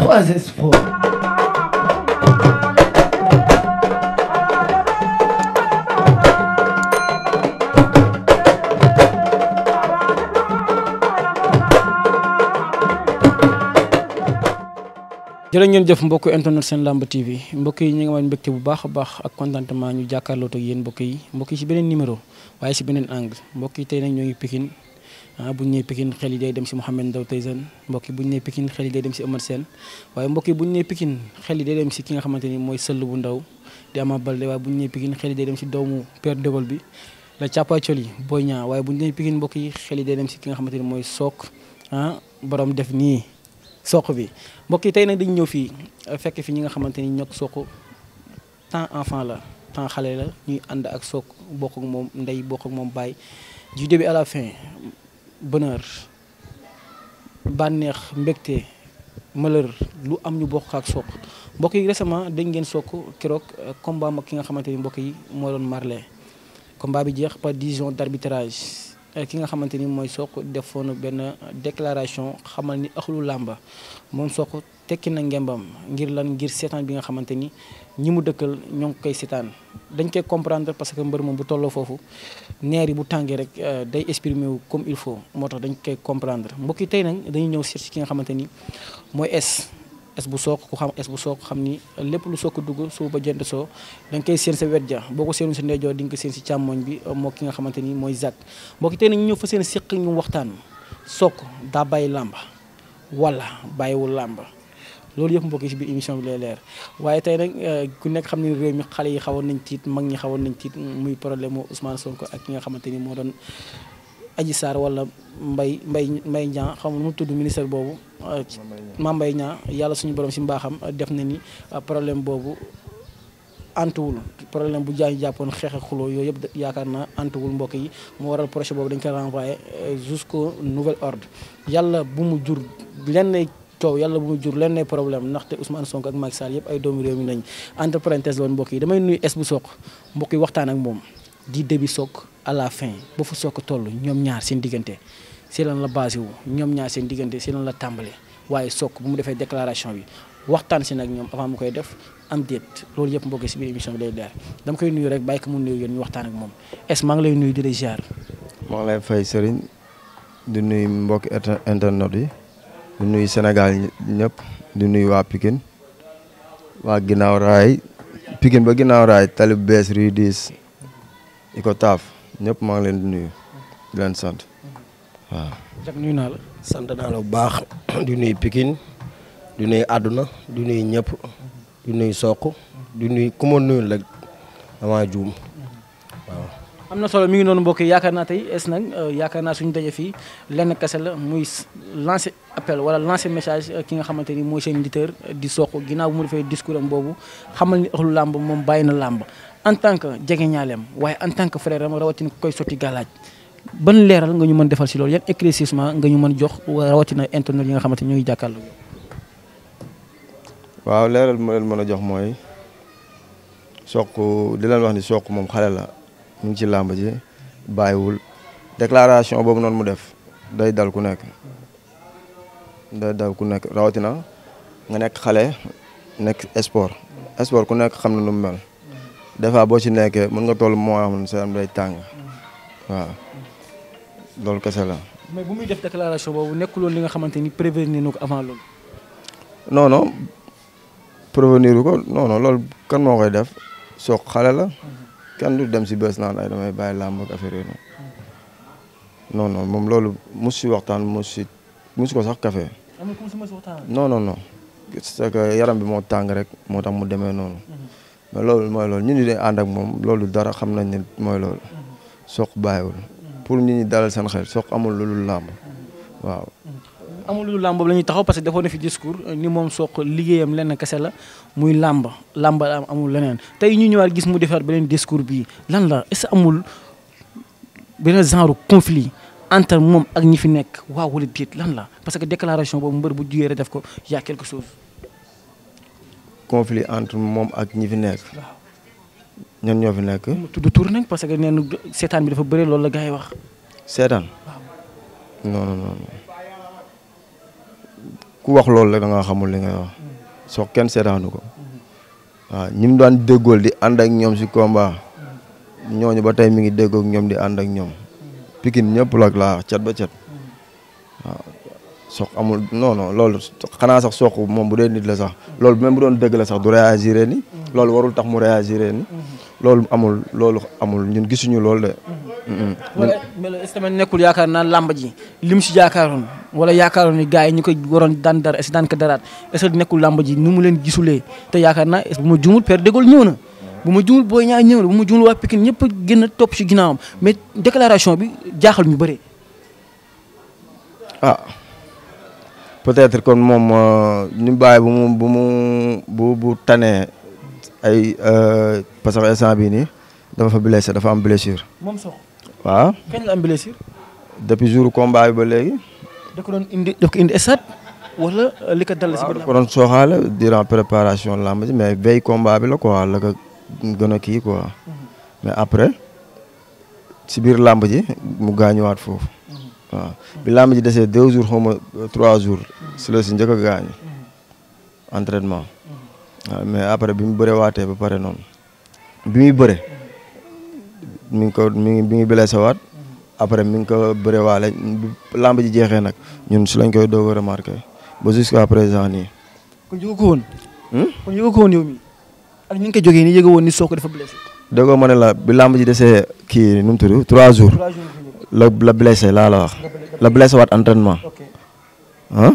Croisez froid. ngeen jëf mbokk internet seen làmb TV mbokk yi ñu ngi woon mbégte bu baax a baax ak contentement ñu jàkkaarloo ak yéen yi mbokk yi ci beneen numéro waaye ci beneen angle mbokk yi tey nag ñoo ngi Pikine ah bu ñu nee Pikine xel yi day dem si Mouhamed Ndao Tyson mbokk yi bu ñu nee Pikine xel yi day dem si Eumeu Sène waaye mbokk yi bu ñu nee Pikine xel yi day dem si ki nga xamante ni mooy sook ah def nii sook bi mbokk yi tey nag dañ ñëw fii fekk fi ñi nga xamante ni ñoog soq tant enfant la tant xale la ñuy ànd ak sook bokk ak moom ndey bokk ak moom baay du début à la fin bonheur bànneex mbégte malheur lu am ñu bokk ak Sokh mbokk yi récemment dañ ngeen Sokh keroog euh, combat mag ki nga xamante ni mbokk yi moo doon Marley combat bi jeex par décision d'arbitrage euh, ki nga xamante ni mooy Sokh defoon benn déclaration xamal ni axlu làmba moom Sokh tekki na ngembam ngir lan ngir seetaan bi nga xamante ni ñi mu dëkkal ñoo ngi koy seetaan dañ koy comprendre parce que mbër moom bu tolloo foofu neer yi bu tàngee rek euh, day exprimer wu comme il faut moo tax dañ koy comprendre mbokk yi tey nag dañuy ñëw seet ki nga xamante ni mooy es es bu sook ku xam es bu sook xam ni lépp lu sook dugg suba ba jënd soo dañ koy seen sa wet ja boo ko seenu sa ndeyjoor di nga ko seen si càmmoñ bi euh, moo ki nga xamante ni mooy Zack mbokk yi tey nag ñu ñëw fa seen siq ñu waxtaan sook daa bàyyi làmba wala bàyyiwul làmba loolu yëpp mbokk yi si biir émission bi lay leer waaye tey nag euh, ku nekk xam ne réew mi xale yi xawoon nañ tiit mag ñi xawoon nañ tiit muy problème mu Ousmane ko ak ki nga xamante ni moo doon aji saar wala mbay mbay Mbaye Niang xam nu mu tudd ministère boobu ma mbay ñaa yàlla suñu borom si mbaaxam def na ni euh, problème boobu antuwul problème bu jaay jàppoon xeex ak xuloo yooyu yëpp yaakaar na antuwul mbokk yi moo waral projet boobu dañ ko renvoyé euh, jusqu'au nouvel ordre yàlla bu mu jur lenn coow yàlla bu mu jur leen ne problème ndaxte Ousmane Sonko ak Macky Sall yëpp ay doomu réew mi nañ entre parenthèse loon yi damay nuyu es bu soq mbokk yi waxtaan ak moom di début sook à la fin ba fu sook toll ñoom ñaar seen diggante si lan la basé wu ñoom ñaar seen diggante si lan la tàmbale waaye sook bu mu defee déclaration bi waxtaan si nag ñoom avant mu koy def am déet loolu yëpp mbokk si biir émission bi day leer dama koy nuyu rek bàyyi ko mu nuyu yéen ak moom es maa ngi lay nuyu di la ziar. maa di nuyu mbokk internet yi. di nuyu Sénégal ñëpp di nuyu waa Pikine waa ginnaaw raay Pikine ba ginnaaw raay tali bu bees rue dix i ko taaf ñëpp maa ngi leen di nuyu di leen sant waaw. jag naa la. sant naa bu baax di nuyu Pikine du nuy àdduna du nuyu ñëpp di nuyu soq di nuyu ku ma nuyu rek damaa juum am na solo mi ngi noonu mbokk yi yaakaar naa tey es nag euh, yaakaar naa suñu daje fii lenn kese la muy lancer appel wala lancer message euh, ki nga xamante ni mooy seen leader euh, di Sokh ginnaaw bu mu defee discours am boobu xamal ni axlu làmb moom bàyyi na làmb en tant que jege jegeñaaleem waaye en tant que frère am rawatina ku koy sotti galaaj ban leeral nga ñu mën defal si loolu yan éclaircissement nga ñu mën jox rawatina internet yi nga xamante ni ñu ngi jàkkaarloo. waaw leeral bi ma mën a jox mooy sook di leen wax ni Sokh moom xale la. mu ngi ci làmb ji bàyyiwul déclaration boobu noonu mu def day dal ku nekk day dal ku nekk rawatina nga nekk xale nekk sport sport ku nekk xam na nu mu mel des boo ci nekkee mën nga tol moo xam sa am day tàng loolu kese la. mais bu muy def déclaration boobu nekkuloon li nga xamante ni prévenir na ko avant loolu. non non prévenir ko non loolu kan moo koy def soog xale la. Mhm. kenn du dem si bés naan ay damay bàyyi làmb ak affaire moom loolu mos si waxtaan mos si mos ko sax café non no non yaram bi moo tàng rek moo tax mu demee noonu mhm. mais loolu mooy loolu ñu ni dee ànd ak moom loolu dara xam nañ ne mooy loolu mhm. soq bàyyiwul mhm. pour ñu ñi dalal seen xel soq amul lu làmb waaw amul lu làmb la ñuy taxaw parce que defoon na fi discours euh, ni moom soq liggéeyam lenn kese la muy làmba làmb la amul leneen tey ñu ñëwaat gis mu defaat beneen discours bii lan la est amul beneen genre conflit entre moom ak ñi fi nekk waaw wala déet lan la parce que déclaration boobu mbër bu jugee rek def ko y a quelque chose. conflit entre moom ak ñi fi nekk. ñan ñoo fi nekk. tudd tur nag parce que nee na seetaan bi dafa bëri loolu la gars yi wax. seetaan. ku wax loolu rek da nga xamul li ngay kenn seetaanu ko waaw ñi mu daan déggool di ànd ak ñoom si combat ñooñu ba tey mi ngi déggoog ñoom di ànd ak ñoom Pikine ñëpp la laa cat ba cat waaw amul non non loolu xanaa sax sox moom bu dee nit la sax loolu même bu doon dëgg la sax du réagir ni loolu warul tax mu réagir ni loolu amul loolu amul ñun gisuñu loolu de. wala mais nekkul yaakaar naa làmb ji si yaakaaroon wala yaakaaroon ni gars yi ñu koy waroon daan dara si daan ko daraat est-ce que nekkul làmb ji mu leen gisulee te yaakaar naa bu ma juumul Père Dégol ñëw na bu ma juumul boo Niang ñëw na bu ma juumul waa Pikine ñëpp gën a topp si ginnaawam mais déclaration bi jaaxal ñu bëri. ah peut-être kon moom euh, ñu bàyyi bu mu bu bu bu tanee ay euh, parce que instant bii nii dafa fa blessé dafa am blessure. moom sox waaw kañ ba léegi. da ko doon indi da ko indi stade wala euh, li ko dal si. waaw da doon sooxaale durant préparation làmb ji mais veille combat bi la quoi la ko gën a kii quoi. Mm-hmm. mais après si biir làmb ji mu gaañuwaat foofu. Mm-hmm. waaw bi làmb ji desee deux jours xaw ma euh, trois jours. Mm-hmm. si la si njëkk a gaañu. entraînement. mais après bi mu bëree waatee ba pare noonu. bi mu bëre. mi ngi ko mi ngi mi ngi blessé waat après mi ngi ko bëréwaale lamb ji jeexee nag ñun si lañ koy doog a remarqué ba jusqu'à présent nii. kon yëgu ko woon. Hmm? kon yëgu ko woon yow mii ak ñu ngi ko jógee nii yëgu woon ni soo ko defa blessé. déggoo ma ne la lamb ji desee kii nu mu tudd trois jours. la la blessé laa la wax. la blessé waat entraînement. ah.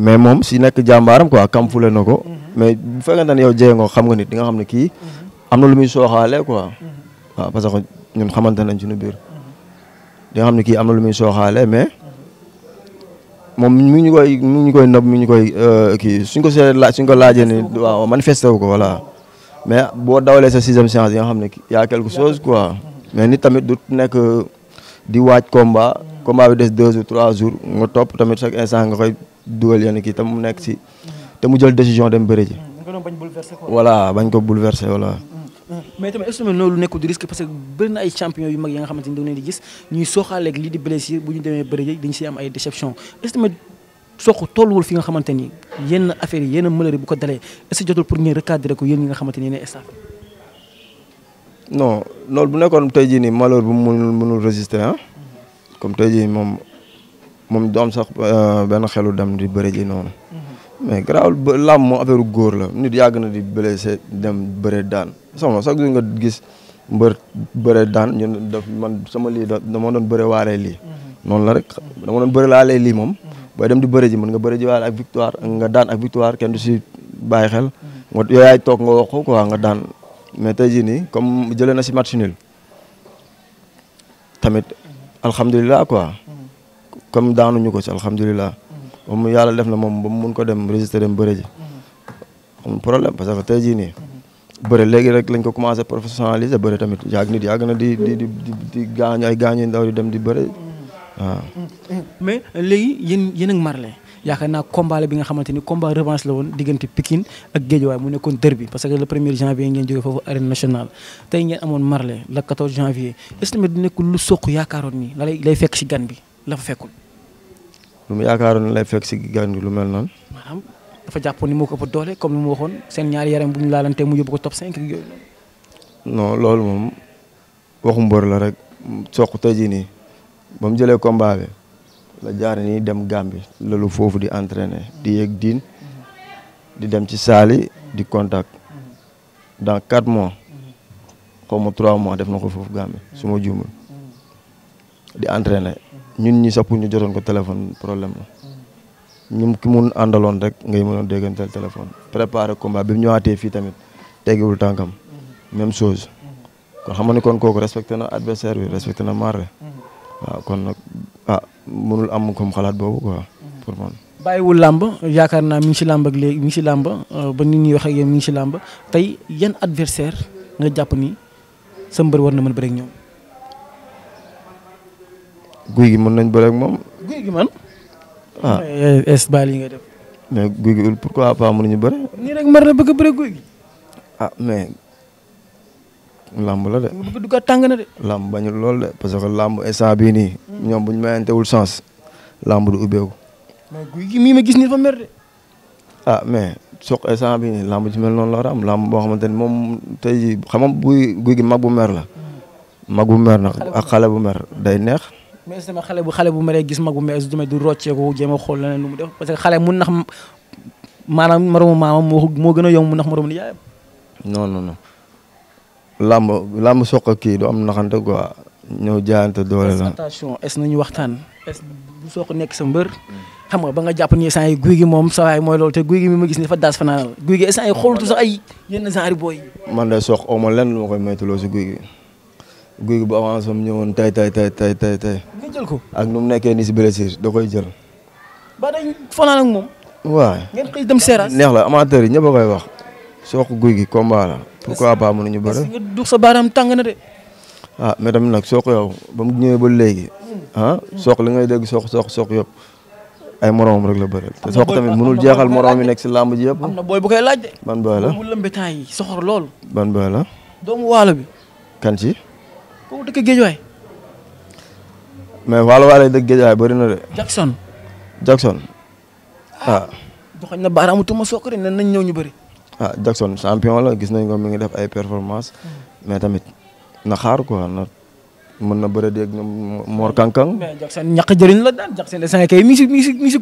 mais moom si nekk jàmbaaram quoi kamfule na ko. Mhm. mais bu fekkente ne yow jege nga xam nga nit di nga xam ne kii. Mhm. am na lu muy sooxaale quoi. waaw que ñun xamante nañ ci nu biir. di nga xam ne kii am na lu muy sooxaale mais moom mu ngi ñu koy mu ñu koy nëb mu ñu koy euh, kii suñ ko see laaj suñ ko laajee ni waaw manifesté wu ko voilà mais boo dawalee sa sixième séance di nga xam ne yaa quelque chose quoi mais nit tamit du nekk di waaj combat combat bi des deux jours trois jours nga topp tamit chaque instant nga koy dugal yenn kii te mu nekk si te mu jël décision dem bëri ji. bañ ko bouleversé voilà. mais tamit est-ce que loolu nekkul di risque parce que bëri na ay champion yu mag yi nga xamante ni da ngeen di gis ñuy sooxaaleeg lii di blessure bu ñu demee bëri dañ siy am ay déception est-ce que soq fi nga xamante ni yenn affaire yi yenn malheur bu ko dalee est-ce que jotul pour ngeen recadrer ko yéen ñi nga loolu bu nekkoon tey jii nii malheur bu mu mënul résister comme tey moom moom doom am sax euh, benn xelu dem di bëri ji noonu. Mm-hmm. mais garaawul ba làmb moom góor la nit yàgg na di blessé dem bëre daan sama sax nga gis mbër bëre daan ñun daf man sama lii dama doon bëre waaree lii. Mhm. noonu la rek dama doon bëre laalee lii moom. Mhm. booy dem di bëre ji mën nga bëre ji waale ak victoire nga daan ak victoire kenn du si bàyyi xel. Mhm. nga yooyaay toog nga wax ko quoi nga daan mais tey jii nii comme jëlee na si match nul tamit alhamdulilah quoi. comme daanuñu ko si alhamdulilah. moom yàlla def na moom ba mu mun ko dem registré dem bëre ji am problème parce que tey jii bëre léegi rek lañ ko commencé professionnaliser bëre tamit yàgg nit yàgg na di di di di gaañu ay di dem di bëre waaw. yaakaar naa combat bi nga xamante ni combat revanche la woon diggante Pikine ak Guédiawaye mu nekkoon derby parce que le premier janvier ngeen jógee foofu arène nationale tey ngeen amoon Marley le 14 janvier est du nekkul lu soq yaakaaroon ni la lay fekk si gan bi la fa fekkul. lu mu yaakaaroon lay fekk si gànn lu mel noonu. maanaam dafa jàpp ni moo ko ëpp doole comme ni mu waxoon seen ñaari yaram bu ñu laalante mu yóbbu ko top 5 non loolu moom waxu mbër la rek soq tey jii nii ba mu jëlee combat bi la jaar ni dem Gambie lalu foofu di entraîner di yëg diin di dem ci saali di contact dans quatre mois xaw trois mois def na ko foofu Gambie su ma juumul di entraîner. ñun ñi sax ñu jotoon ko téléphone problème la ñun ki mun àndaloon rek ngay mën a dégganteel téléphone préparé combat bi fii tamit teggiwul tànkam même chose kon xam nga ni kon na adversaire bi respecté na marre waaw kon nag ah mënul am xalaat boobu quoi pour yaakaar naa mi ngi si làmb ak léegi mi ngi si làmb euh, ba nit wax ak mi ngi si làmb tey yan adversaire nga jàpp ni sa mbër war na mën a bëri ñoom. guy gi mën nañ bëre moom. guy gi man. a est bal yi nga def. mais guy gi pourquoi pas mënuñu na bëgg a bëre guy gi. ah mais. làmb la de. du ko tàng na de. làmb bañul lool de parce que làmb instant bii nii. ñoom bu ñu mayantewul chance. làmb du ubbeeku. mais guy gi mii ma gis nii dafa mer de. ah mais soq instant bii nii làmb ci mel noonu la war a am làmb boo xamante ni moom tey jii xam nga guy guy gi mag bu mer la. Hmm. mag bu mer nag ak xale bu mer day neex. mais sama xale bu xale bu meree gis mag bu mees du du rocceeku jéem a xool leneen lu mu def parce que xale mun nax maanaam moromu maamam moo moo gën a yomb mu nax moromu nijaayam. non no non làmb làmb soq kii du am ñëw jaayante doole la. attention est waxtaan est bu soq nekk sa mbër. xam nga ba nga jàpp ni instant guy gi moom sa waay mooy loolu te guy gi mi ma gis ni dafa daas fanaan guy gi instant yi xoolatu ay yenn genre booy man de soq aw ma lenn lu ma koy moytuloo si guy bu avance am ñëwoon tay tay tay tay nga jël ko. ak nu mu nekkee nii si blessure da koy jël. ba dañ fanaan ak moom. neex la amateur yi ñëpp a koy wax. Sokh Gouye Gui combat la. pourquoi pas mënuñu bëre. nga dugg sa baaraam tàng na de. a ah, mais tamit nag Sokh yow ba mu ñëwee ba léegi. Hmm. ah Sokh li ngay dégg sook sook sook yëpp. ay moromam rek la bëre. te Sokh tamit mënul jeexal morom yi nekk si làmb ji yëpp. bu koy laaj de. ban booy la mu yi soxor lool. ban booy la. doomu waalo mais waalo waalo dëgg géej waay bëri na de. Jackson. Jackson waaw. Ah, joxoñ na baaraamu tuuma sookari ne nañ ñëw ñu bëri. ah Jackson champion la gis nañ ko mi ngi def ay performance hmm. mais tamit na xaar quoi na mën na bëre dégg ñoom Mor Kankang. mais Jackson ñàkk jëriñ la daan Jackson instant kay mi si mi si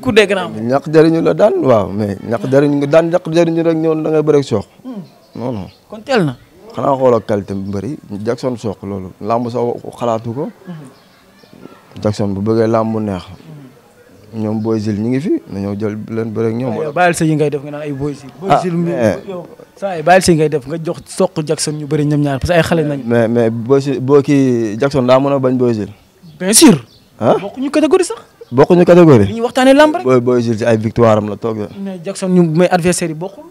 la daan waaw mais ñàkk hmm. jëriñ nga daan ñàkk jëriñu rek ñëw da ngay bëre ak Sokh. Hmm. non non kon teel na. xanaa xoolal qualité bi bëri Jackson Sokh loolu làmb sa xalaatu ko. Jackson bu bëggee làmb bu neex ñoom Boy Zil ñu ngi fi nañoo jël leen bëre ak ñoom. waaw bàyyil sa yi ngay def nga naan ay Boy Zil. Ah, Boy Zil yow saa yi bàyyil sa ñu bëri ñoom ñaar parce que ay xale nañ. mais mais Boy Zil boo kii Jackson daa mën a bañ Boy Zil. bien sûr. ah bokkuñu catégorie sax. bokkuñu catégorie. li ñuy waxtaanee làmb rek. Boy Boy Zil ci ay la toog. mais Jackson ñu mais adversaire yi bokkul.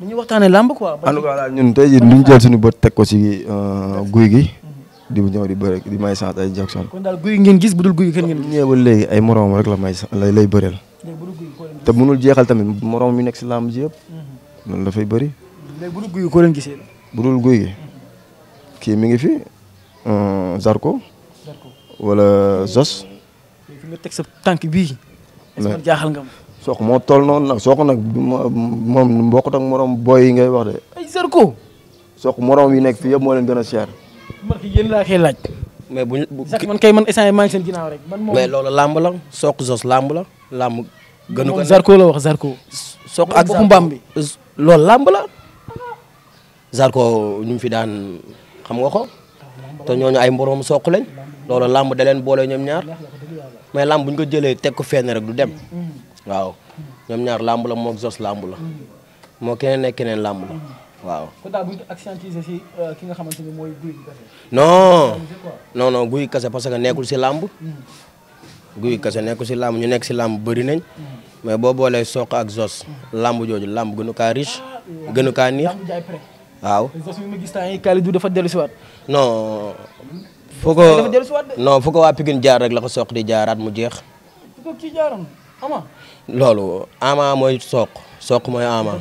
li ñuy waxtaanee làmb quoi. en ñun tey jii duñ jël suñu bët teg ko ci euh, guy gi di ñëw di bëri di may chance ay Jackson. kon daal guy ngeen gis budul guy kenn ngeen gis. ñëw ba léegi ay moroom rek la may lay lay bëreel. te mënul jeexal tamit moroom yu nekk si làmb ji yëpp. Mhm. loolu dafay bëri. léegi budul guy ko leen gisee. budul guy gi mhm. kii mi ngi fi euh, Zarko. Zarko wala Zos. fi tànk bii. est jaaxal nga ma. moo tol noonu nag sox nag moom mbokkut ak moroom booy yi ngay wax de. sook Zarko. sox yi nekk fi yëpp moo leen gën a cher. man kay laa koy bu ñu bu man kay man instant yii maa ngi seen ginnaaw rek. man moom mais loolu la soq zos lamb la làmb. gënu ko moom Zarko la wax Zarko. soq ak Zarko mbaam bi loolu làmb la. Zarko ñu fi daan xam nga ko. te ay mborom soq lañ. loolu làmb da leen boole ñoom ñaar. mais làmb bu ñu ko jëlee teg ko fenn rek du dem. Mm-hmm. waaw ñoom ñaar làmb la moog zos làmb la. moo keneen ak keneen làmb la. waaw kon daal bu ñu euh, nga xamante ni mooy guy kase. non non non guy kase parce nekkul si làmb. Mm. guy kase nekkul si làmb ñu nekk si làmb bëri nañ. Mm. mais boo boolee soq ak zos. Mm. làmb jooju làmb gënu kaa riche. Ah, gënu kaa neex waaw. zos mi ma dafa dellusiwaat. non. fu ko non jaar rek la ko soq di jaaraat mu jeex. fu ko kii ama. loolu ama mooy soq. ama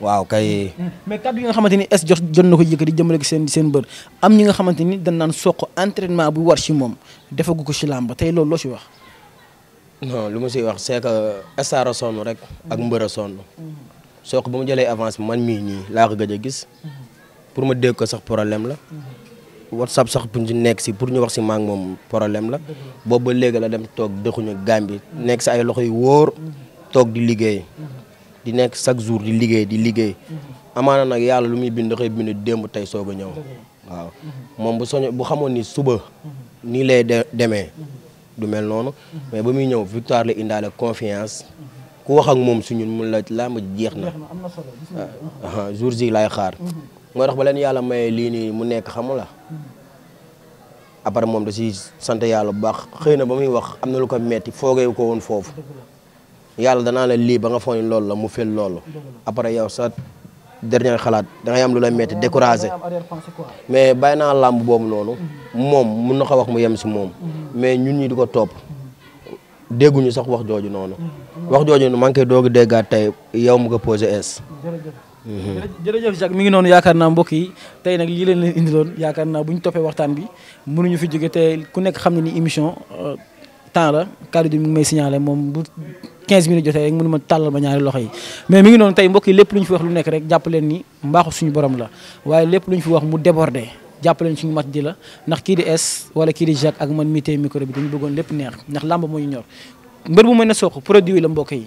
waaw kay. Mm. mais kaddu yi nga xamante ni est jot jot na ko yëkkati jëmale ko seen seen bër am ñi nga xamante ni dañ naan soq entraînement bu war ci moom defagu ko ci làmb tey loolu loo ci wax. lu ma ciy wax c'est que star rek ak mbër a sonn mm-hmm. soq ba mu jëlee avance man mii nii laa ko gëj gis mm-hmm. pour ma dégg ko sax problème la mm-hmm. whatsapp sax bu ñu nekk si pour ñu wax si maak moom problème la boobu ba léegi la dem toog dëkkuñu Gàmbi nekk si ay loxo yu wóor toog di liggéey di nekk chaque jour di liggéey di liggéey amaana nag yàlla lu muy bind dafay bind démb tey soog a ñëw waaw moom bu soño bu xamoon ni suba nii lay demee du mel noonu mais ba muy ñëw victoire la indaale confiance ku wax ak moom suñu mun la làmb jeex na ah, ah, jour ji lay xaar moo tax ba leen yàlla mayee lii nii mu nekk xamu la après moom da si sant yàlla bu baax xëy na ba muy wax am na lu ko metti foogee ko woon foofu yàlla danaa la lii ba nga foog ne loolu la mu fel loolu après yow sa dernier xalaat da ngay am lu la metti découragé mais bàyyi naa làmb boobu noonu moom mun na ko wax mu yem si moom mais ñun ñi di ko topp dégguñu sax wax jooju noonu wax jooju noonu maa ngi koy doog a déggaat tey yow mu mi ngi noonu yaakaar naa mbokk yi tey nag lii leen leen indiloon yaakaar naa bu ñu toppee waxtaan bi mënuñu fi jóge te ku nekk xam ne ni émission euh, temps la kàddu gi mi ngi may moom 15 minutes jotee rek mënu ma tàllal ma ñaari loxo yi mais mi ngi noonu tey mbokk yi lépp lu ñu fi wax lu nekk rek jàpp leen ni mbaaxu suñu borom la waaye lépp lu ñu fi wax mu débordé jàpp leen suñu mat di la ndax kii di es wala kii di Jacques ak man mi tey micro bi dañu bëggoon lépp neex ndax làmb moo ñu ñor mbër bu mën a soq produit la mbokk yi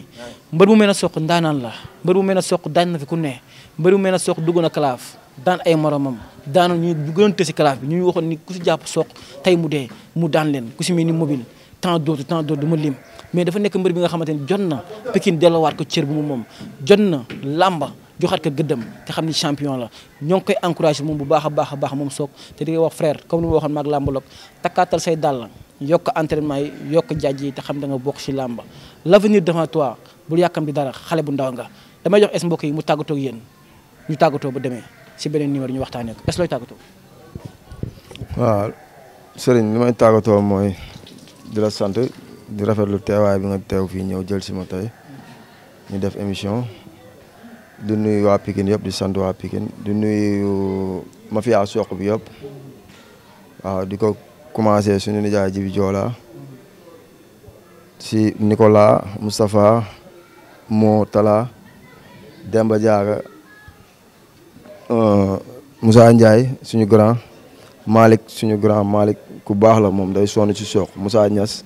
mbër mu mën a soq ndaanaan la mbër bu mën a soq daan na fi ku ne mbër bu mën a soq dugg na kalaaf daan ay moromam daan ñu gënoon tësi kalaaf bi ñu waxoon ni ku si jàpp soq tey mu dee mu daan leen ku si mel ni tant d'autres tant d'autres du ma lim mais dafa nekk mbër bi nga xamante ni jot na Pikine dellowaat ko cër bu mu moom jot na làmba joxaat ko gëddëm te xam ni champion la ñoo ngi koy encouragé moom bu baax a baax a baax moom soog te di wax frère comme ni ma waxoon maag làmbaloog takkaatal say dàll yokk entraînement yi yokk jaaj te xam da bokk ci làmba l'avenir devant toi bul yàkkam di dara xale bu ndaw nga damay jox es mbokk yi mu tàggatoo ak yéen ñu tàggatoo ba demee si beneen numéro ñu waxtaanee ko es looy tàggatoo. waaw Serigne li mooy. di la sant di rafetlu teewaay bi nga teew fii ñëw jël sima tey ñu def émission di nuyu waa Pikine yëpp di sant waa Pikine di nuyu mafia soq bi yëpp waaw di ko commencé suñu nijaay Jibi Joola si Nicolas Moustapha Mo Tala Demba Diaga euh, Moussa Ndiaye suñu grand Malick suñu grand Malick ku baax la moom day sonn ci mu saa Niass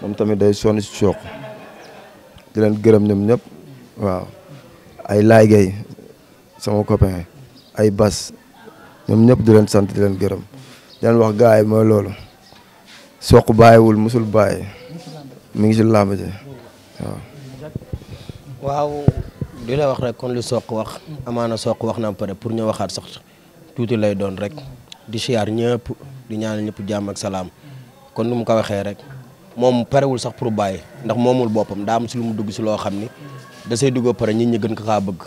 moom tamit day sonn ci Sokh di leen gërëm ñoom ñëpp waaw ay laay gay sama copain ay bas ñoom ñëpp di leen sant di leen gërëm di leen wax gars yi mooy loolu Sokh bàyyiwul musul bàyyi mu ngi si làmb waaw. di la wax rek kon lu Sokh wax amaana Sokh wax na pare pour ñu waxaat sax tuuti lay doon rek di siyaar ñëpp. di ñaanal ñëpp jàmm ak salaam kon nu mu ko waxee rek moom parewul sax pour bàyyi ndax moomul boppam daa am si lu mu dugg si loo xam ni da say dugg pare nit ñi gën ko kaa bëgg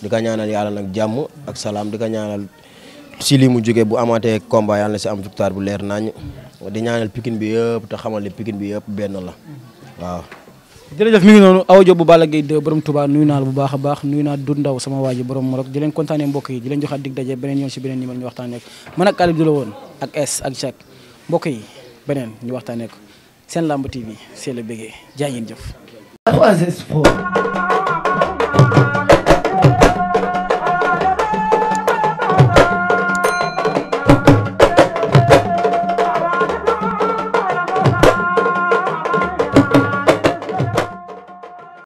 di ko ñaanal yàlla nag jàmm ak salaam di ka ñaanal si lii mu jógee bu amaatee combat yàlla na si am victoire bu leer nañ di ñaanal pikin bi yëpp te xamal ne pikin bi yëpp benn la waaw. jërëjëf mi ngi noonu Awa Diop bu Balla Gaye 2 borom Touba nuyu naa bu baax a baax nuyu naa Doudou Ndaw sama waa ji borom Morok di leen kontaanee mbokk yi di leen joxaat dig daje beneen yoon si beneen numéro ñu waxtaanee ko man ak Alioune du la woon ak S ak Jack mbokk yi beneen ñu waxtaanee ko seen lamb TV c'est le bégé jaa jëf.